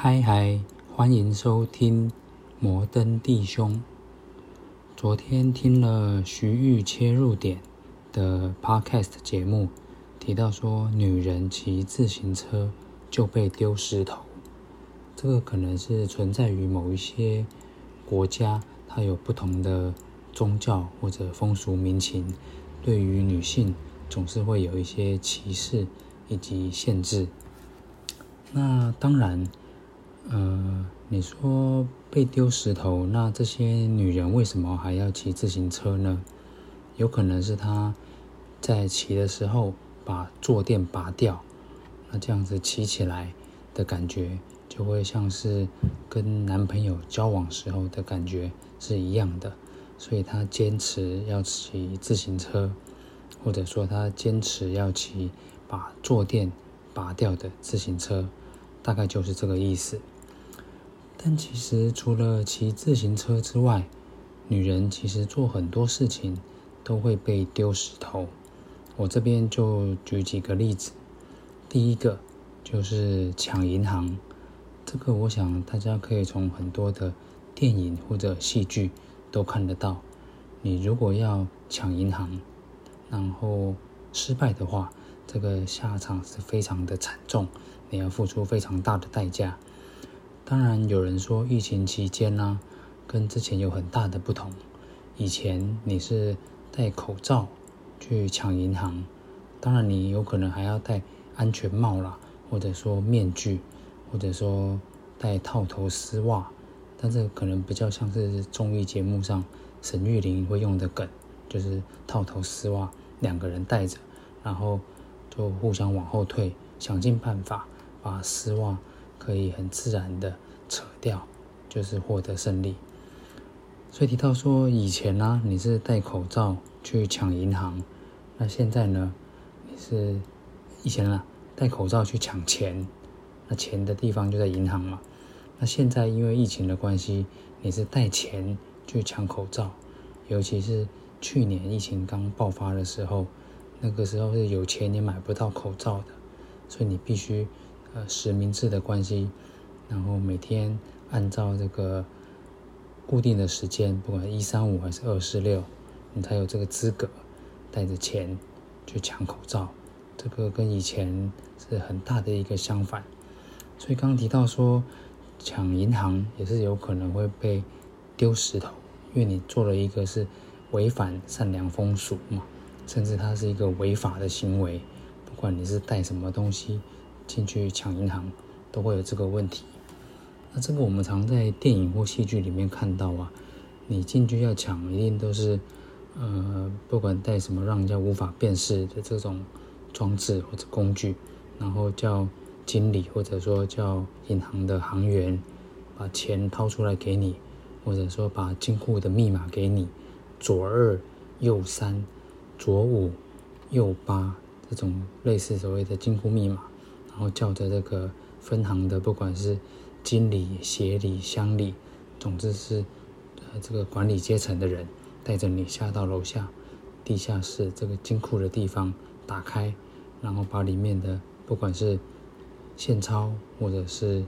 嗨嗨，hi hi, 歡迎收聽摩登弟兄。昨天聽了徐豫切入點的 Podcast 節目，提到說女人騎自行車就被丟石頭，這個可能是存在於某一些國家，它有不同的宗教或者風俗民情，對於女性總是會有一些歧視以及限制。那當然。呃，你說被丟石頭，那這些女人為什麼還要騎自行車呢？有可能是她在騎的時候把坐墊拔掉，那這樣子騎起來的感覺就會像是跟男朋友交往時候的感覺是一樣的，所以她堅持要騎自行車，或者說她堅持要騎把坐墊拔掉的自行車，大概就是這個意思。但其實，除了騎自行車之外，女人其實做很多事情都會被丟石頭。我這邊就舉幾個例子。第一個就是搶銀行，這個我想大家可以從很多的電影或者戲劇都看得到。你如果要搶銀行，然後失敗的話，這個下場是非常的慘重，你要付出非常大的代價。當然，有人說疫情期間呢、啊，跟之前有很大的不同。以前你是戴口罩去搶銀行，當然你有可能還要戴安全帽啦，或者說面具，或者說戴套頭絲襪。但是可能比較像是綜藝節目上沈玉琳會用的梗，就是套頭絲襪，兩個人戴着，然後就互相往後退，想盡辦法把絲襪可以很自然的扯掉，就是獲得勝利。所以提到說以前啊，你是戴口罩去搶銀行，那現在呢，你是以前啊戴口罩去搶錢，那錢的地方就在銀行嘛。那現在因為疫情的關係，你是戴錢去搶口罩，尤其是去年疫情剛爆發的時候，那個時候是有錢也買不到口罩的，所以你必須。呃，實名制的關係，然後每天按照這個固定的時間，不管是一三五還是二四六，你才有這個資格帶着錢去搶口罩。這個跟以前是很大的一個相反。所以剛剛提到說搶銀行也是有可能會被丟石頭，因為你做了一個是違反善良風俗嘛，甚至它是一個違法的行為。不管你是帶什麼東西，進去搶銀行都會有這個問題。那這個我們常在電影或戲劇裡面看到啊。你進去要搶，一定都是呃，不管帶什麼讓人家無法辨識的這種裝置或者工具，然後叫經理或者說叫銀行的行員把錢掏出來給你，或者說把金庫的密碼給你，左二右三，左五右八，這種類似所謂的金庫密碼。然後叫着這個分行的，不管是經理、協理、襄理，總之是呃這個管理階層的人，帶着你下到樓下地下室這個金庫的地方，打開，然後把裡面的不管是現鈔或者是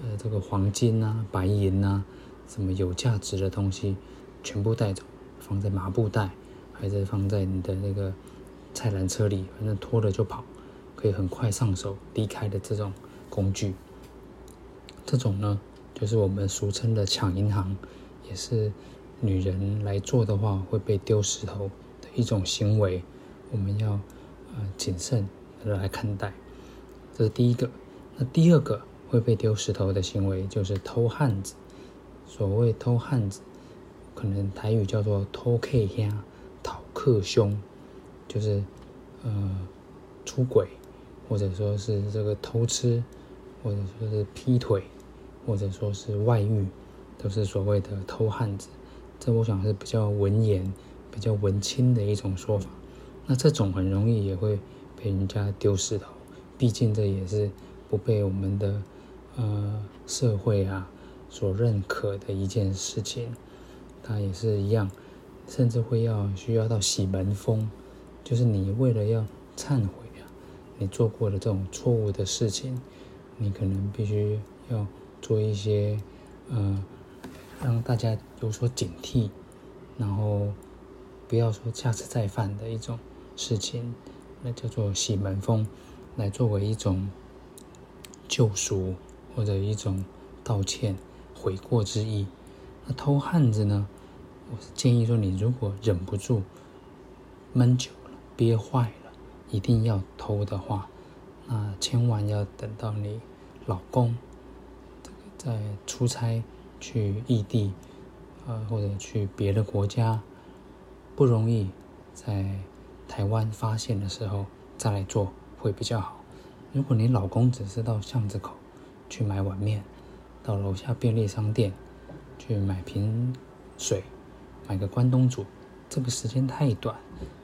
呃這個黃金吶、啊、白銀吶、啊、什麼有價值的東西，全部帶走，放在麻布袋，還是放在你的那個菜籃車裡，反正拖着就跑。可以很快上手離開的這種工具。這種呢，就是我們俗稱的搶銀行，也是女人來做的話會被丟石頭的一種行為，我們要呃謹慎來看待。這是第一個。那第二個會被丟石頭的行為就是偷漢子。所謂偷漢子，可能台語叫做偷客兄、討客兄，就是呃出軌。或者說是這個偷吃，或者說是劈腿，或者說是外遇，都是所謂的偷漢子。這我想是比較文言、比較文青的一種說法。那這種很容易也會被人家丟石頭，畢竟這也是不被我們的呃社會啊所認可的一件事情。它也是一樣，甚至會要需要到洗門風，就是你為了要懺悔。你做過的這種錯誤的事情，你可能必須要做一些，呃，讓大家有所警惕，然後不要說下次再犯的一種事情，那叫做洗門風，來作為一種救贖或者一種道歉悔過之意。那偷漢子呢？我是建議說，你如果忍不住悶久了憋壞。一定要偷的話，那千萬要等到你老公在出差去異地，啊、呃，或者去別的國家，不容易在台灣發現的時候再來做會比較好。如果你老公只是到巷子口去買碗麵，到樓下便利商店去買瓶水，買個關東煮，這個時間太短，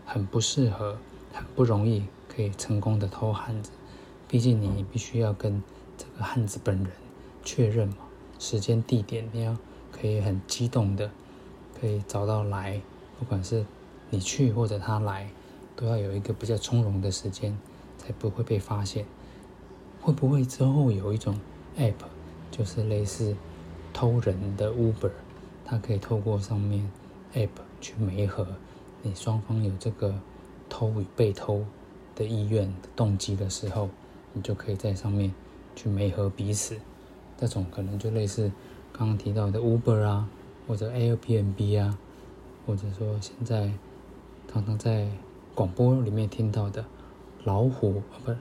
很不適合。很不容易可以成功的偷漢子，畢竟你必須要跟這個漢子本人確認嘛，時間地點你要可以很激動的，可以找到來，不管是你去或者他來，都要有一個比較從容的時間，才不會被發現。會不會之後有一種 app，就是類似偷人的 Uber，它可以透過上面 app 去媒合，你雙方有這個。偷與被偷的意願、動機的時候，你就可以在上面去媒合彼此。這種可能就類似剛剛提到的 Uber 啊，或者 Airbnb 啊，或者說現在常常在廣播裡面聽到的“老虎”不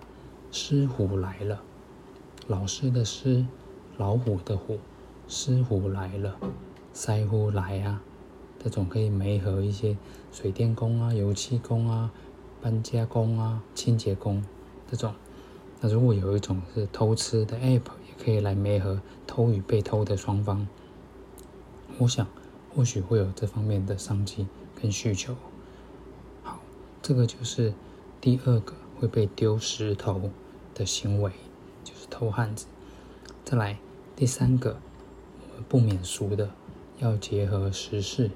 是，獅虎來了，老師的獅，老虎的虎，獅虎來了，獅虎來啊。這種可以媒合一些水電工啊、油漆工啊、搬家工啊、清潔工這種。那如果有一種是偷吃的 app，也可以來媒合偷與被偷的雙方。我想，或許會有這方面的商機跟需求。好，這個就是第二個會被丟石頭的行為，就是偷漢子。再來第三個，不免俗的要結合時事。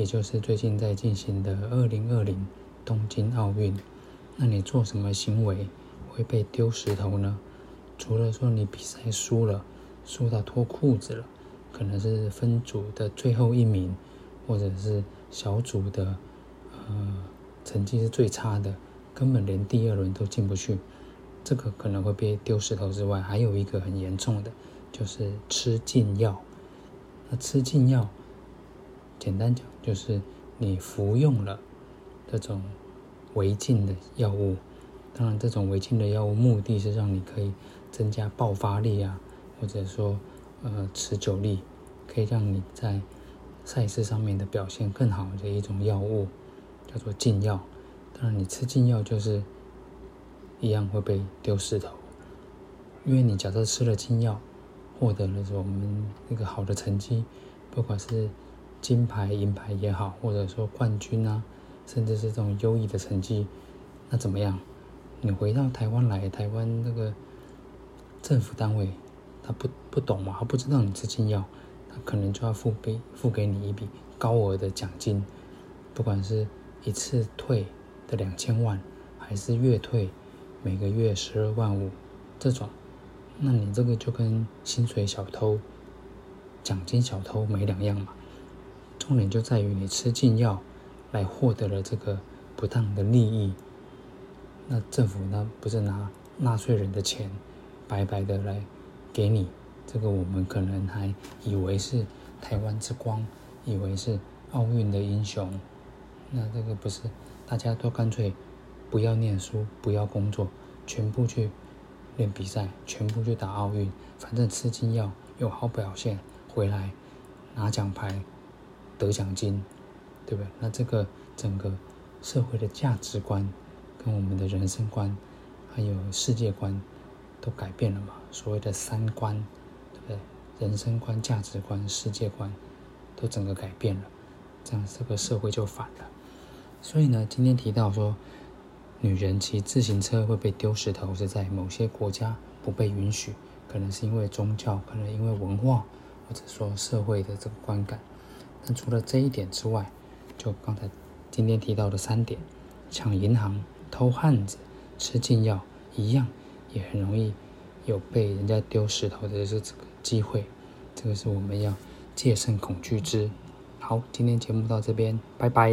也就是最近在進行的二零二零東京奧運，那你做什麼行為會被丟石頭呢？除了說你比賽輸了，輸到脫褲子了，可能是分組的最後一名，或者是小組的呃成績是最差的，根本連第二輪都進不去，這個可能會被丟石頭之外，還有一個很嚴重的，就是吃禁藥。那吃禁藥，簡單講。就是你服用了這種違禁的藥物，當然，這種違禁的藥物目的是讓你可以增加爆發力啊，或者說呃持久力，可以讓你在賽事上面的表現更好的一種藥物，叫做禁藥。當然，你吃禁藥就是一樣會被丟石頭，因為你假設吃了禁藥，獲得了我們那個好的成績，不管是。金牌、銀牌也好，或者說冠軍啊，甚至是這種優異的成績，那怎麼樣？你回到台灣來，台灣那個政府單位，他不不懂嘛，他不知道你吃禁藥，他可能就要付給付給你一筆高額的獎金，不管是一次退的兩千萬，還是月退每個月十二萬五這種，那你這個就跟薪水小偷、獎金小偷沒兩樣嘛。重點就在於你吃禁藥，來獲得了這個不當的利益。那政府呢，不是拿納稅人的錢白白的來給你？這個我們可能還以為是台灣之光，以為是奧運的英雄。那這個不是，大家都乾脆不要念書，不要工作，全部去練比賽，全部去打奧運，反正吃禁藥有好表現回來拿獎牌，得獎金，對不對？那這個整個社會的價值觀，跟我們的人生觀，還有世界觀，都改變了嘛？所謂的三觀，對不對？人生觀、價值觀、世界觀，都整個改變了，這樣這個社會就反了。所以呢，今天提到說，女人騎自行車會被丟石頭，是在某些國家不被允許，可能是因為宗教，可能因為文化，或者說社會的這個觀感。但除了這一點之外，就剛才今天提到的三點：搶銀行、偷漢子、吃禁藥，一樣也很容易有被人家丟石頭的、就是、這個機會。這個是我們要戒慎恐懼之。好，今天節目到這邊，拜拜。